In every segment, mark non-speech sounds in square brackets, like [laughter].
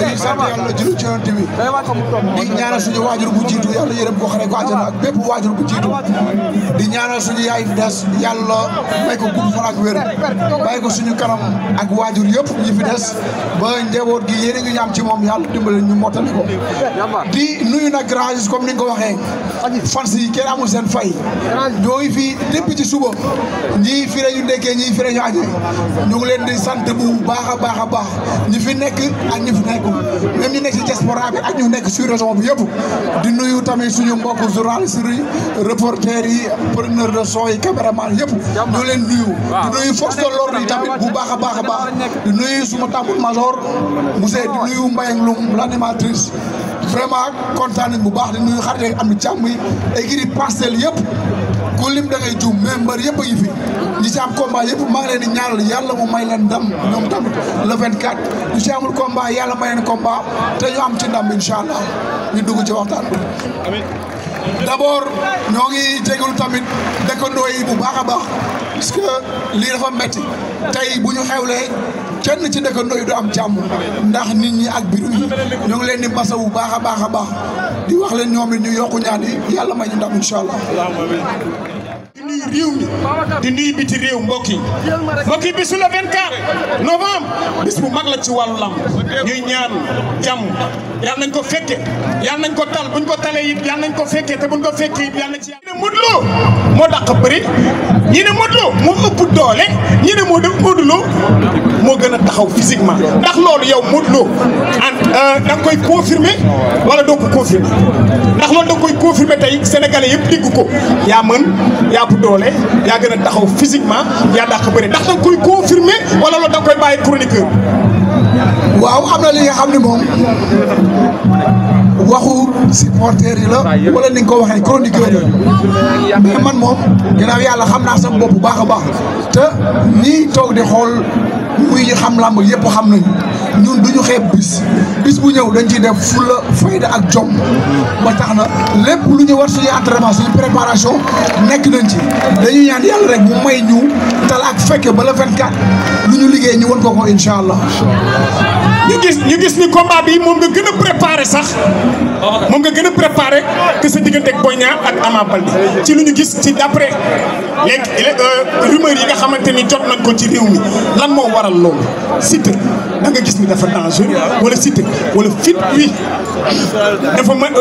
tey sant yàlla julli ci yonent bi di ñaanal suñu waajur bu jiitu yàlla yërëm ko xare ko àjjana bépp waajur bu jiitu di ñaanal suñu yaay des yàlla may ko gudd fan ak wér bàyyi ko suñu kanam ak waajur yëpp ñi fi des ba njaboot gi yéen a ngi ñaam ci moom yàlla dimbale ñu mottali ko di nuyu nag grands comme ni nga ko waxee fans yi kenn amul seen fay ñoo ngi fi depuis ci suba ñii fi lañu ndekkee ñii fi lañu añee ñu ngi leen di sant bu baax a baax a baax ñi fi nekk ak ñi fi nekk même ñi nekk ci diaspora bi ak ñu nekk ci région bi yëpp di nuyu tamit suñu mbokk journaliste yi reporter yi preneur de son yi caméraman yëpp ñoo leen nuyu di nuyu force de l'ordre yi tamit bu baax a baax a baax di nuyu suma tambour major monsieur di nuyu Mbayang Loum l'animatrice vraiment kontaan bu baax di nuyu xarit am jàmm yi équipe Parcelles yëpp ku da ngay juum member mbër yi fi ni ci am combat yëpp ma ngi len di ñaanal yalla mu may len ndam ñom tamit le 24 ni ci amul combat yalla may len combat te ñu am ci ndam inshallah ñu dugg ci waxtan bi. d'abord ñoo ngi tamit dëkkandoo yi bu baaxa baax parce que li dafa metti tay bu ñu xewlee. kenn ci dëkkandoo yi du am jàmm ndax nit ñi ak biru yi ñoo ngi leen di masa bu baax a baax a baax di wax leen ñoom it ñu yokku ñaan yi yàlla may ñu ndam nuyu réew mi di biti réew mbokk yi mbokk yi bisu la 24 novembre bis bu mag la ci wàllu lamb ñuy ñaan jàmm yal nañ ko fekke yal nañ ko tal buñ ko talee it yal nañ ko fekke te buñ ko fekke it yal na ci yàlla. ñi ne Modou Lo moo dàq bëri ñi ne Modou Lo moo ëpp doole ñi ne Modou Modou Lo moo gën a taxaw physiquement ndax loolu yow Modou Lo en euh, da nga koy confirmer wala doo ko confirmer ndax loolu da nga koy confirmer tey sénégalais yëpp dégg ko yaa mën yaa ëpp doole doole yaa gën a taxaw physiquement yaa dàq bëri ndax danga koy confirmer wala loolu danga koy bàyyi chroniqueur. waaw am na li nga xam ne moom waxu supporter yi la wala ni nga ko waxee chroniqueur yi mais man moom ginnaaw yàlla xam naa sama bopp bu baax a baax te nii toog di xool muy xam làmb yëpp xam nañu. ñun du ñu xeeb bis bis bu ñëw dañ ciy def fu fulla fayda ak jom ba tax na lépp lu ñu war suñu entraînement suñu préparation nekk nañ ci dañu yaan yàlla rek mu may ñu tal ak fekke ba le 24 lu ñu liggéey ñu won ko ko incha allah. ñu gis ñu gis ni combat bi moom nga gën a préparé sax moom nga gën a préparé que sa diggante ak Boy Niang ak Ama Baldé ci lu ñu gis ci d'après léegi euh, rumeur yi nga xamante ni jot nañ ko ci réew mi lan moo waral loolu Siteu da nga gis ni dafa dangereux wala cité wala fit wi dafa mën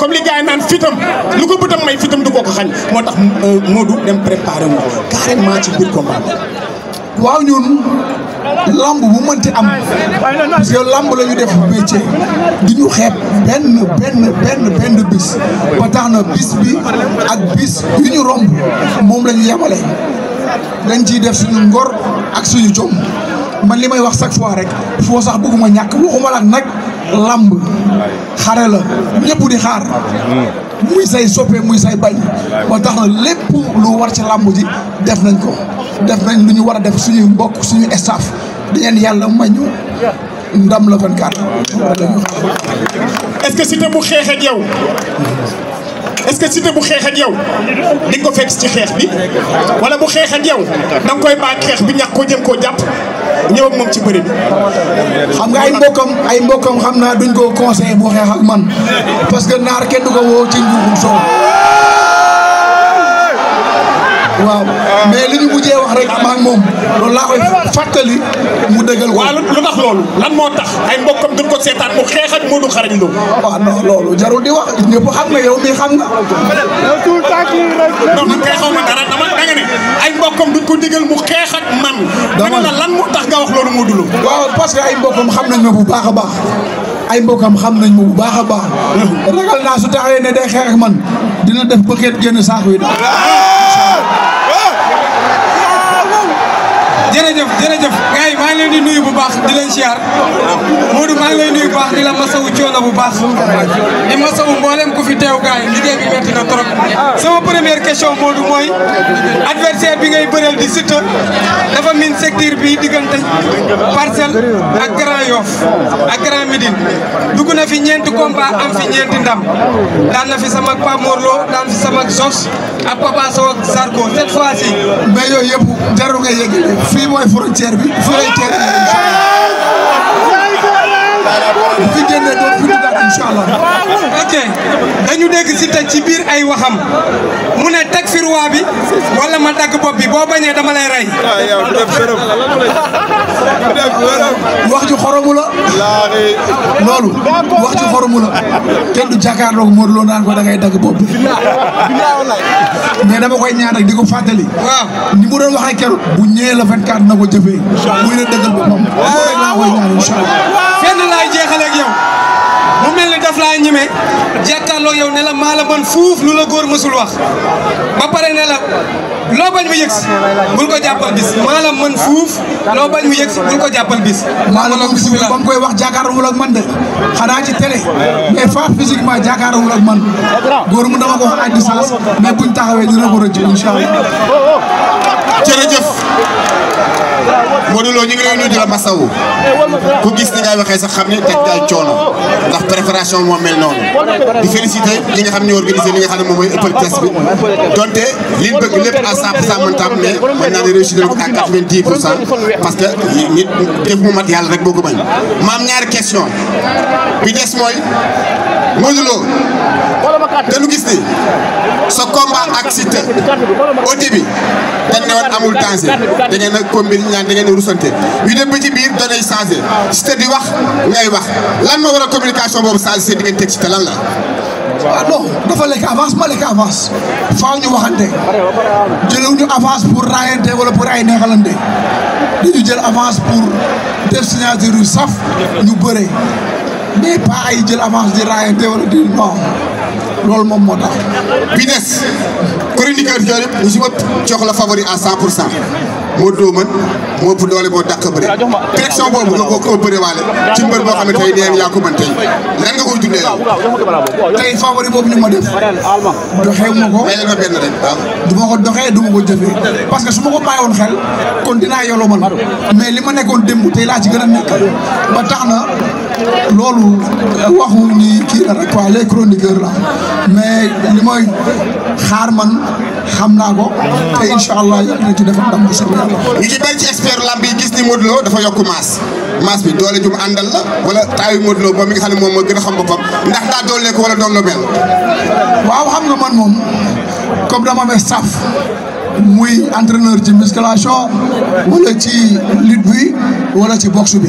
comme li gars yi fitam lu ko bëtam may fitam du ko ko xañ moo tax euh, Modou dem préparé wu carrément ci biir combat waaw ñun lamb bu mënti am parce que lamb la ñu def métier di ñu xeeb benn benn benn bis ba tax bis bi ak bis ñu romb moom la ñu yemale dañ ciy def suñu ngor ak suñu jom man li may wax chaque fois rek foo sax bëgguma ñàkk waxuma la nag làmb xare la ñëpp di xaar muy say soppe muy say bañ ba tax na lépp lu war ci lamb ji def nañ ko def nañ lu ñu war a def suñuy mbokk suñu staff di leen yàlla mañu ndam la 24. est-ce que Siteu bu xeex ak yow est-ce que Siteu bu xeex ak yow di nga ko fekk ci xeex bi wala bu xeex ak yow da koy baaj xeex bi ñax ko jëm koo jàpp. ñëw moom ci bëri bi xam nga ay mbokkam ay mbokkam xam naa duñ ko conseillé bu xeex ak man parce que naar kenn du ko woo ci njuuxum soow waaw mais li ñu mujjee wax rek amaat moom loolu laa koy fàttali mu dëggal ko. waaw lu tax loolu lan moo tax ay mbokkam duñ ko seetaan mu xeex ak Modou Xarañ Lo. waaw non loolu jarul di wax ñëpp xam nga yow mii xam nga. non man kay xaw ma dara dama ay mbokkam duñ ko digal mu xeex ak man. dama ne lan moo loolu Modou Lo. waaw parce que ay mbokkam xam nañ ma bu baax a baax. ay mbokkam xam nañ ma bu baax a baax. ragal naa su taxawee ne day xeex man dina def bëggee génn saako yi daal. Ah! jërëjëf jërëjëf ngi leen di nuyu bu baax di leen siyaar Modou maa ngi lay nuyu bu baax di la masawu coono bu baax di masawu mboolem ku fi teew gaay liggéey bi metti na trop sama première question Modou mooy adversaire bi ngay bëreel di Siteu dafa min secteur bi diggante Parcelles ak Grand Yoff ak Grand Médine dugg na fi ñeent combat am fi ñeenti ndam daan na fi sama Pape Mor Lo daan fi sama Sos ak Papa Sow ak Sarko cette fois ci mais yooyu yëpp nga yëg fii mooy frontière bi fucking bu fi génnee doon fi duggaat incha allah. ok dañu dégg Siteu ci biir ay waxam mu ne teg fi roi bi wala ma dagg bopp bi boo bañee dama lay rey. Ah, wax ji xoromu la. loolu wax ji xoromu la kenn du jàkkaarloog Modou Lo naan ko da ngay dagg bopp bi. dama koy ñaan rek di ko fàttali. waaw ni mu doon waxee keroog. bu ñëwee la 24 na ko may jeexale ak yow mu mel ni daf laa ñime jàkkaarloo yow ne la maa la man fuuf lu la góor mësul wax ba pare ne la loo bañ mu yëgsi bul ko jàppal bis maa la mën fuuf loo bañ mu yëgsi bul ko jàppal bis maa la mën fuuf ba koy wax jàkkaarloo ak man de xanaa ci télé mais fa physiquement jàkkaarloo ak man góor mu dama ko wax à distance mais buñ taxawee dina ko rëcc incha allah Modou Lo ñu ngi lay nuyu di la ku gis na ngay waxee sax xam ne teg daal coono ndax préparation moo mel noonu di féliciter ñi nga xam ne organisé li nga xam ne moom mooy ëppal test bi donte liñ bëgg lépp à 100% mën ne mën naa ne réussir na ko à 90 pour cent parce que nit def mu mat yàlla rek boo ko bañ maam ñaari question bi des mooy Modou Lo te lu gis ni sa combat ak Siteu au début dañ ne woon amul danger da ngeen a ñaan da na a rusante yu dem ba ci biir données yi changé Siteu di wax ngay wax lan moo war a communication boobu changé seen digganteeg Siteu lan la. waaw ah, non dafa lekk avance ma lekk avance faaw ñu waxante jëlewu ñu avance pour raayante wala pour ay neexalante dañu jël avance pour def signature yu saf ñu bëre mais pas ay jël avance di raayante wala di non. loolu moom moo tax bi des chroniqueur yooyu ñu si bëpp jox la favori à cent pour cent moo dóoman moo ëpp doole moo dàq bëri direction boobu nga ko bëri waale ci mbër boo xam ne tey neen yaa ko mën tey lan nga koy dundee yow tey favori boobu ko may du ma ko doxee du ma ko jëfee parce que su ma ko bàyyi woon xel kon dina yolo man mais li ma nekkoon démb tey laa ci gën a ba tax na loolu waxu ni kii la rek quoi la mais li mooy xaar man xam naa ko te incha allah yàlla na ci defal ndam bu soobee yàlla. ñu ci bëri ci expert lamb yi gis ni Modou Lo dafa yokk maas maas bi doole ju àndal la wala taayu Modou Lo ba mi nga xam ne moom moo gën a xam boppam ndax daa doole ko wala doon lu waaw xam nga man moom comme dama amee staff muy entraîneur ci musculation wala ci liit bi wala ci boxe bi.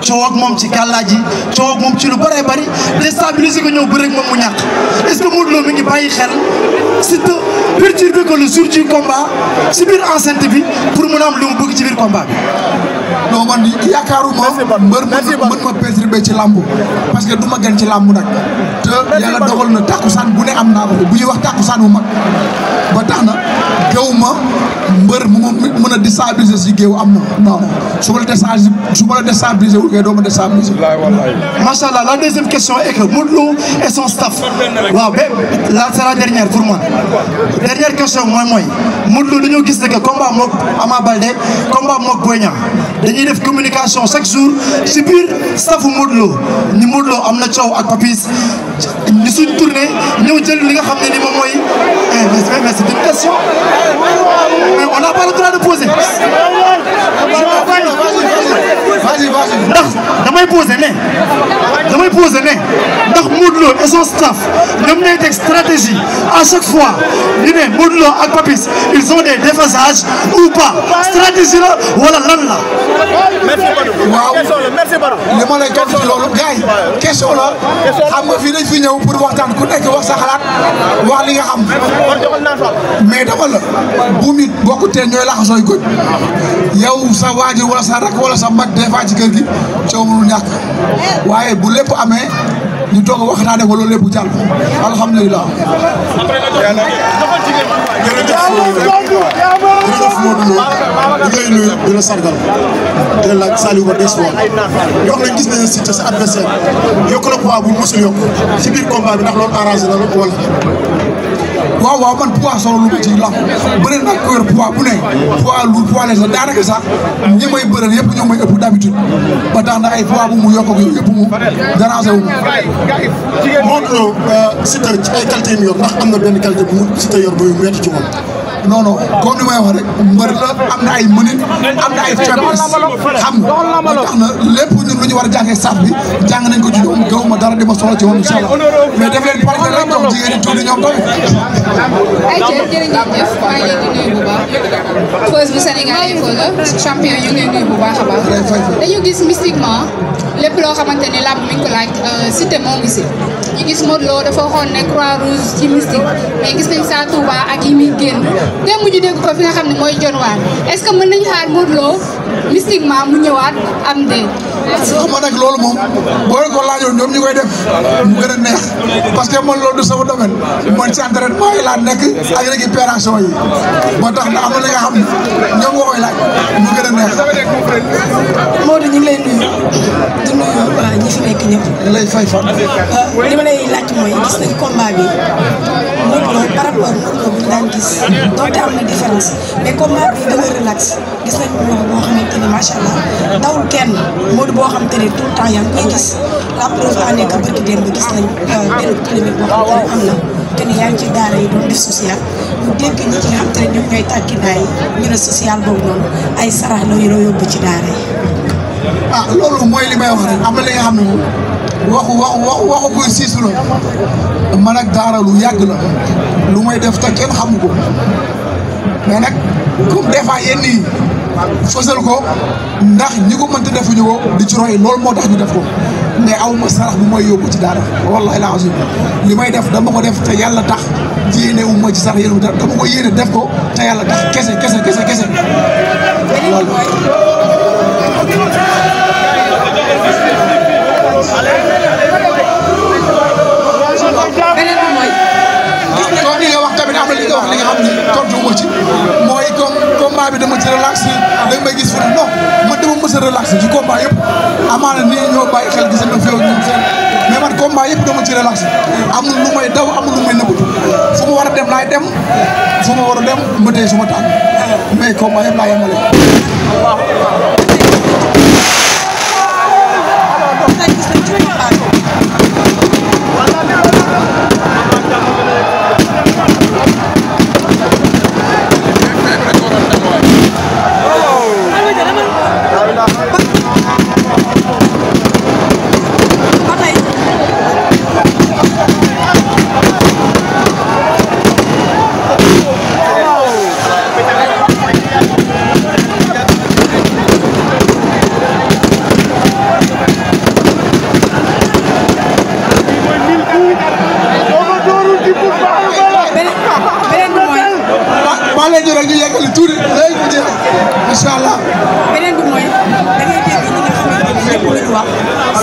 coow ak moom ci kàllaaji coow ak moom ci lu bëree bari déstabiliser ko ñëw bëreeg moom mu ñàkk est-ce que Modou Lo mi ngi bàyyi xel surtout perturber ko le jour du combat si biir enceinte bi pour mu a am lu mu bëgg ci biir combat bi. non man yaakaaruma mbër mën ma perturbé ci làmb parce que du ma gën ci làmb nag te yàlla dogal na tàkkusaan bu ne am naa ko bu ñuy wax tàkkusaan bu mag ba tax na géew ma mbër mu mën a déstabiliser si géew am na non non su ma la déstabiliser su ma la déstabiliser wul kay doo ma déstabiliser macha allah la deuxième question est que Modou Lo et son waaw bé la c'est question mooy mooy Modou Lo dañoo gis ne que combat mook Ama Baldé combat mook Boy Niang communication chaque jour si Ça vous ni am Papis ñu suñ tourné ñeu jël li nga xamné ni ni moy mooy eh, mais mais c'est une question mais on n'a pas le droit de poser. ndax damay poser né damay poser né ndax modlo Lo et son staff ñoom ñooy tek stratégie à chaque fois ñu né modlo ak Papis ils ont des déphasages ou pas stratégie la wala lan la. merci merci waaw li ma lay tontu loolu gars yi question la xam nga fi dañ fi ñëw. ñëw pour waxtaan ku nekk wax sa xalaat wax li nga xam mais dama la bu nit bokkutee ñooy laxasooy goj yow sa waajur wala sa rakk wala sa mag des fois ci kër gi coow mënul ñàkk waaye bu lépp amee ñu toog a waxtaane ko loolu lépp jàll alhamdulilah. jërëjëf Modou Lo ñu ngay nuyu di la sargal di la laaj Saliou des fois ñoo ngi gis nañu Siteu sa adversaire yokk na poids bu mosul yokk ci biir combat bi ndax loolu arrangé na la wala. waaw waaw man poids solo lu ma ci lamb bëri naa ko yor poids bu ne poids lu poids les daanaka sax ñi may bëral yëpp ñoo may ëpp d'habitude ba tax na ay poids bu mu yokk ak yëpp mu dérangé wu ma. Modou euh, Lo euh, Siteu ci ay qualité yi mu yor ndax am na benn qualité bu Siteu yor ba mu métti ci moom. non non comme ni may wax rek mbër la am na ay mënit am na ay faiblesse xam nga moo tax na lépp ñun lu ñu war a jàngee saaf bi jàng nañ ko ci doom gaw ma dara di ma soxla ci woon incha allah mais def leen pare rek jox jigéen ngi bu baax baax a baax. dañu gis mystiquement lépp loo xamante ni làmb mi ngi ko laaj euh, Siteu moo ngi ñu gis Modou Lo dafa waxoon ne croix ci mystique mais gis nañ saa Touba ak yi muy génn démb ñu dégg ko fi nga xam ne mooy jonwaar est-ce que mën nañu xaar Modou Lo mystiquement mu ñëwaat am dee. xam nga nag loolu moom boo ko laajoon ñoom ñu koy def mu gën a neex. parce que man loolu du sama domaine man ci yi laa nekk ak récupération yi moo tax na am na li nga xam ne ñoom nga koy laaj mu gën a neex. ñu ngi euh, nekk ñëpp. ñu lay fay fan. Euh, li ma lay laaj mooy bi Modou Lo relax gis nañ wax boo xamante ni macha allah dawul kenn Modou boo xamante ni tout temps yaa ngi gis. la preuve en est gis nañ benn clinique boo xam ne am na te ni yaa ngi ci daara xam ne la ah, xam ne moom waxu waxu waxu koy siisu la man ak daara lu yàgg la lu may def te kenn xamu ko mais nag comme des yenn yi fësal ko ndax ñi ko mënta defuñu ko di ci roy loolu moo tax ñu def ko. ne aw ma sarax bu may yóbbu ci daara wallahi laa azim li may def dama ko def te yàlla tax yéene wu ci sarax yéene dama ko yéene def ko te yàlla tax kese kese kese kese ma ci mooy comme dama ci relaxé da nga may gis fu non a relaxé ci combat yëpp amaana ni ñoo bàyyi xel gis nañ feew ñoom seen mais man combat yëpp dama ci relaxé amul lu may daw amul lu may nëbbatu fu ma war a dem laay dem fu ma war a dem mbëtee suma tànk mais combat yëpp laa yemale.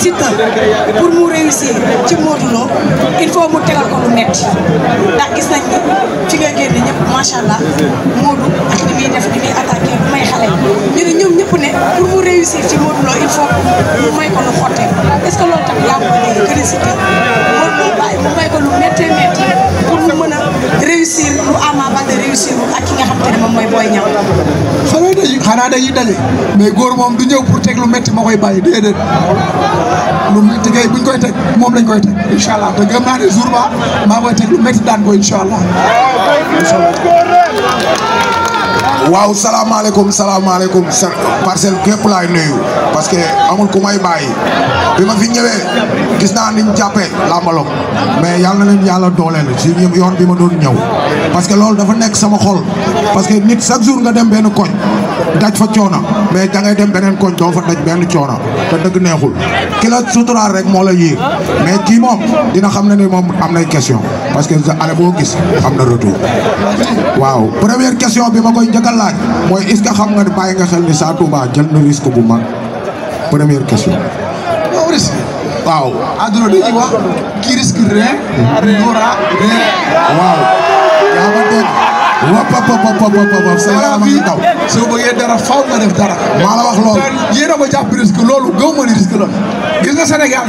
Siteu pour mu réussir ci Modou Lo il faut mu tegal ko lu metti ndax gis nañ ni fi nga génne ñëpp macha allah Modou ak li muy def li muy attaqué bu may xale ñu ñoom ñëpp ne pour mu réussir ci Modou il faut mu may ko lu xottee est-ce que loolu tam yaa ngi ko a Siteu Modou Lo mu may ko lu méttee métti pour mu mën a. réussir lu Ama Baldé réussir ak ki nga xam te ne mooy Boy Niang. xanaa dañuy xanaa dañuy daje mais góor moom du ñëw pour teg lu métti ma koy bàyyi déedéet lu métti kay buñ koy teg moom lañ koy teg incha allah te gëm naa ne jour ba maa koy teg lu métti daan ko incha waaw salaamaaleykum salaamaaleykum sa parcelle képp laay nuyu parce que amul ku may bàyyi bi ma fi ñëwee gis naa niñ jàppee làmbalom mais yal na leen yàlla dooleel si yoon bi ma doon ñëw parce que loolu dafa nekk sama xol parce que nit chaque jour nga dem benn koñ daaj fa coono mais da ngay dem beneen koñ doo fa daj benn coono te dëgg neexul kila la suturaal rek moo la yiir mais kii moom dina xam ne ni moom am nay question parce que ale boo gis am na retour la laaj mooy est xam nga ne bàyyi nga xel ni Sa Touba jël na risque bu mag première question. waaw risque. waaw àdduna dañuy wax. qui risque rien n'aura mm-hmm. rien. waaw wop wop wop wop wop wop sa yaram a dara faw nga def dara maa la wax loolu yéen a ma jàpp risque loolu gëw ma ni risque la gis nga Sénégal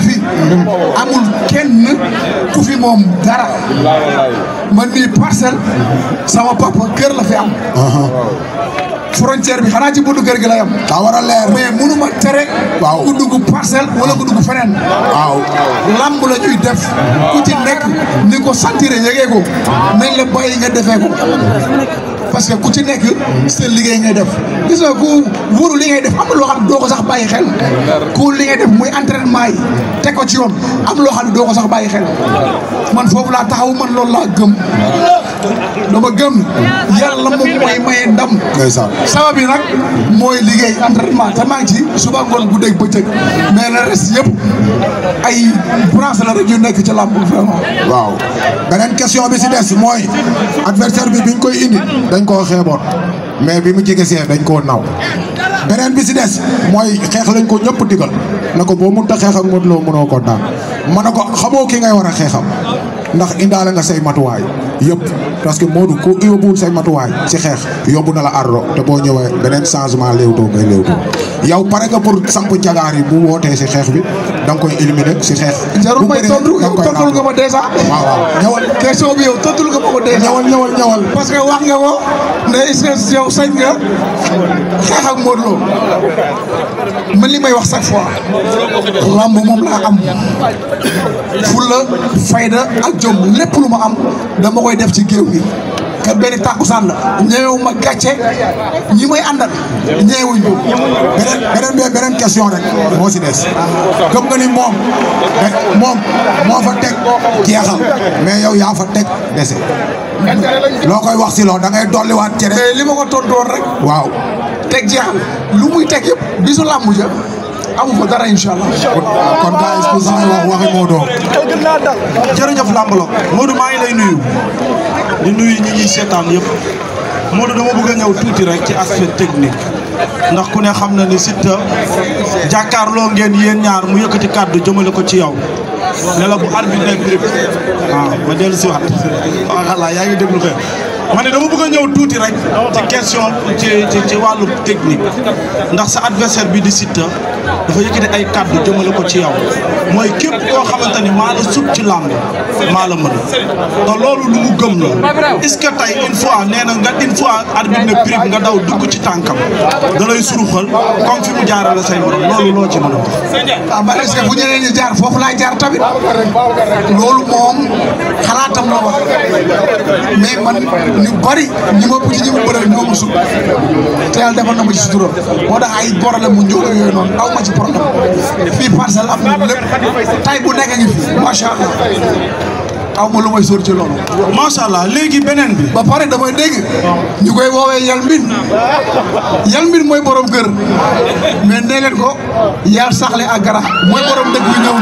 amul kenn ku fi moom dara man nii parcelle sama papa kër la fi am frontière bi xanaa ci buntu kër gi la yem. daa war a leer mais munu ma tere. waaw ku dugg parcelle wala ku dugg feneen. waaw lamb la ñuy def. ku ci nekk ni ko santire yegee ko nañ la bàyyi nga defee ko. parce que ku ci nekk seen liggéey ngay def gis nga ku wóoru li ngay def am loo xam ne doo ko sax bàyyi xel ku li ngay def muy entraînement yi teg ko ci yoon am loo xam doo ko sax bàyyi xel man foofu laa taxawu man loolu laa gëm dama gem, yàlla moom moy maye ndam ndeysaan sabab bi nag mooy entraînement te maa ci suba mais ay branche la rek yu ci làmb vraiment waaw beneen question bi si des mooy adversaire bi biñ koy indi dañ koo xeeboon mais bi mu jege dañ koo naw beneen bi si des mooy xeex lañ ko ñëpp digal na ko boo mënta xeex ak Modou ko xamoo ki ngay ndax nga say yëpp parce que Modou ku yóbbuwul say matuwaay ci xeex yobu na la ardo te boo ñëwee beneen changement léewtoo ngay léewtoo yow pare nga pour samp cagaar yi bu wootee si xeex bi da nga koy éliminer si xeex. jarul may tontu tontul nga ma dèjà. waaw waaw ñëwal question nga ma ko dèjà. ñëwal parce que wax nga ko ne ICS sañ nga xeex ak Modou Lo li may wax chaque fois lamb moom laa am fulla fayda ak jom lépp lu ma am dama koy def ci géew gi. ka benn tàkkusaan la ñëw ma gàcce ñi may àndal na ñu beneen beneen bee question rek moo si des gëm nga ni moom moom moo fa teg jeexal mais yow yaa fa teg dese loo koy wax si loolu da ngay dolliwaat cere li ma ko tontoon rek waaw teg jeexal lu muy teg yëpp bisu làmb ja amu fa dara incha allah. kon daa exposition wax waxi Modou. xel gën jërëjëf Lambalogue. Modou maa ngi lay nuyu. di nuyu ñi ñuy seetaan yëpp. Modou dama bëgg a tuuti rek ci aspect technique. ndax ku ne xam na ne Siteu jàkkaarloo ngeen yéen ñaar mu yëkkati kàddu jëmale ko ci yow. ne la bu arbitre bi nekk waaw ah, ma dellu si waat. waaw yaa ngi déglu kay. ma ne dama bëgg a ñëw tuuti rek ci question ci wàllu technique ndax sa adversaire bi di Siteu dafa yëkkati ay kàddu jëmale ko ci yow mooy képp koo xamante maa la sut ci làmb maa la mën te loolu lu mu gëm la est-ce que nee na nga une fois arbitre ne prix nga daw dugg ci tànkam da lay suruxal comme fi mu jaarale say morom loolu loo ci mën a wax. ah man est bu ñeneen ñi jaar foofu laay jaar tamit loolu moom xalaatam la wax mais man. ñu bari ñi ma ci ñi ma bëre ñoo ma sut te yàlla defal na ma ci sutura moo tax ay problème mu njóoga yooyu noonu aw ma ci problème fii parcelle am na tay bu nekk ngi fi macha allah aw ma lu may sóor ci loolu. macha allah léegi beneen bi. ba pare damay dégg ñu koy woowee yal mbin yal mbin mooy borom kër mais nee leen ko yar saxle ak gara mooy borom dëkk bi ñëw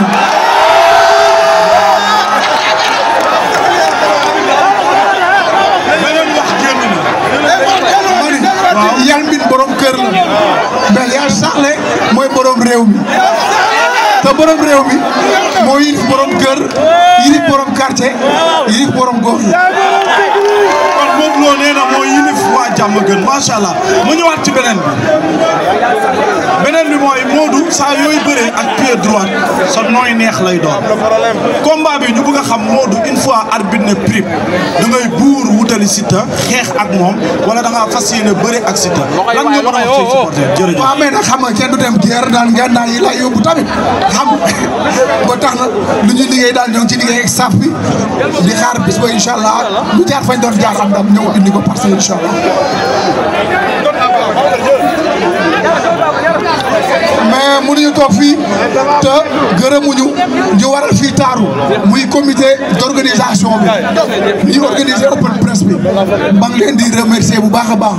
yalmin boroom kër la yaa saxle mooy boroom réew mi te borom réew mi mooy yilif borom kër yilif borom quartier yilif borom gox yi Modou Lo nee na moo yilif waa jàmm gën macha allah mu ñëwaat ci beneen bi beneen bi mooy Modou saa yooyu bëree ak pied droit sa nooy neex lay doon combat bi ñu bëgg a xam Modou une fois arbitre ne prime da ngay buur wutali Siteu xeex ak moom wala da ngaa fas yéene bëri ak Siteu lan nga mën a wax ci supporter jërëjëf waaw mais nag xam nga du dem guerre daan ngeen yi lay yóbbu tamit xam [laughs] ba tax na lu ñu liggéey daal ñoo ci liggéey ak staff bi di xaar bis ba incha allah ñu jaar fañ doon jaar am ndam ko indi ko parcelle incha allah. mais mënuñu toog fii te gërëmuñu ñu waral fii taaru muy comité d' organisation bi ñuy organiser open presse bi maa ngi leen di remercier bu baax a baax.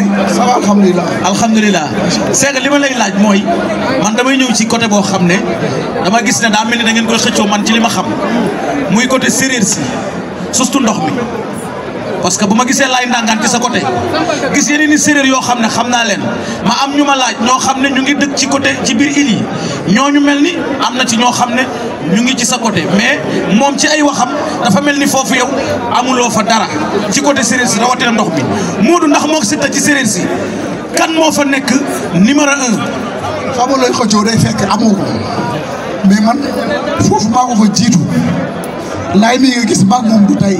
de ça va alhamdulilah seega li ma lay laaj mooy man damay ñëw ci côté boo xam ne dama gis ne daa mel ni da ngeen koy xëccoo man ci li ma xam muy côté séréer si surtout ndox mi parce que bu ma gisee laay ndàngaan ci sa côté gis yeneen i séeréer yoo xam ne xam naa leen ma am ñu ma laaj ñoo xam ne ñu ngi dëkk ci côté ci biir île yi ñu mel ni am na ci ñoo xam ne ñu ngi ci sa côté mais moom ci ay waxam dafa mel ni foofu yow amuloo fa dara ci côté séeréer si rawatina ndox bi Modou ndax moo si ci séeréer si kan moo fa nekk numéro un. xam nga amoo ko mais man foofu maa fa jiitu laay mi nga gis baa moom du tey.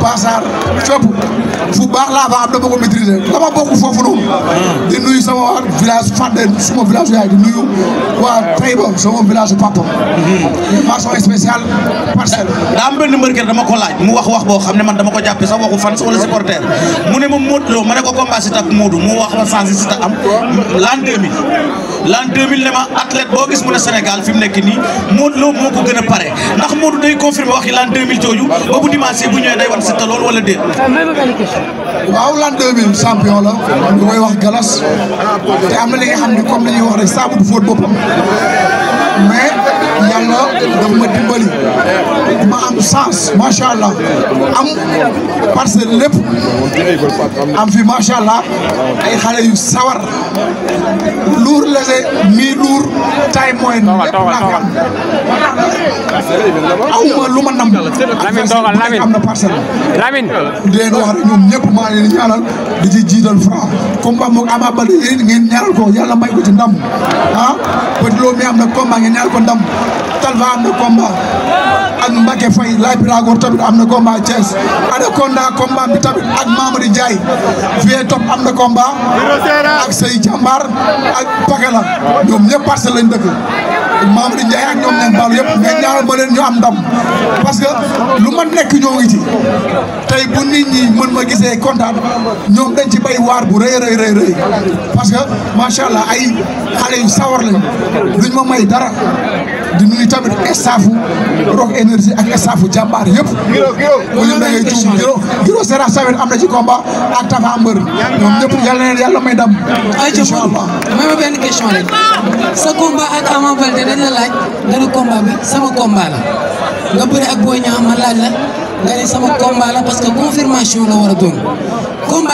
Bazar, fépp fu baax laa fa am dama ko maîtriser dama bokk foofu noonu hmm. di nuyu sama waa village Fandène suma village yaay di nuyu waa Taïba sama village papa mention hmm. spéciale parcelle daa am benn mbër dama ko laaj mu wax wax boo xam ne man dama ko jàppe sax waxu fan wala supporter mu ne ma Modou Lo ma ne ko combat si tak Modou mu wax ma sansi si ta am l'an 2000 l'an 2000 ne athlète boo gis mu ne Sénégal fi mu nekk nii Modou Lo moo ko gën a pare ndax Modou day confirmer waxi l'an 2000 jooju ba dimanche bu ñëwee day wan Siteu loolu wala déet. Ah, waaw l'an 2000 la. lu koy wax galas. te am na li nga xam ne comme li ñuy wax rek saabu du fóot boppam mais. yàlla daf ma dimbali ma am sens macha allah am parcelle lépp am fi macha allah ay xale sawar luur lese mi luur tay mooy lépp naa aw lu ma nam am na parcelle Lamine di leen wax rek ñoom maa leen ñaanal di ci jiital Franc combat moog Ama Baldé ngeen ñaanal ko yàlla may ko ndam ah Petit Lo mi am na combat ngeen ñaanal ko ndam Talfa am na combat ak Mbacke Faye laay Birago tamit am na combat Thiès Anaconda combat bi tamit ak Mamadou Ndiaye Vieux Top am na combat ak Sey Jambar ak Pakala ñoom ñëpp parcelle dëkk. Mamadou Ndiaye ak ñoom ñoom baalu yëpp mais ñaanal ma leen ñu parce que lu ma nekk ñoo ngi ci tey bu nit ñi mën ma gisee kontaan ñoom dañ ci bay waar bu rëy rëy rëy rëy parce que macha allah ay xale yu sawar lañ ma may dara di nuyu tamit estaafu Rock Énergie ak estaafu jàmbaar yëpp. bu ñu nangee tuum Giro Giro Sera Sawen am na ci combat ak Tafa Mbër ñoom ñëpp yàlla na leen yàlla may dam. incha allah dana laaj dana combat bi sama combat nga bëri ak Boy Niang ma laaj la nga ne sama combat la parce que confirmation la war a doon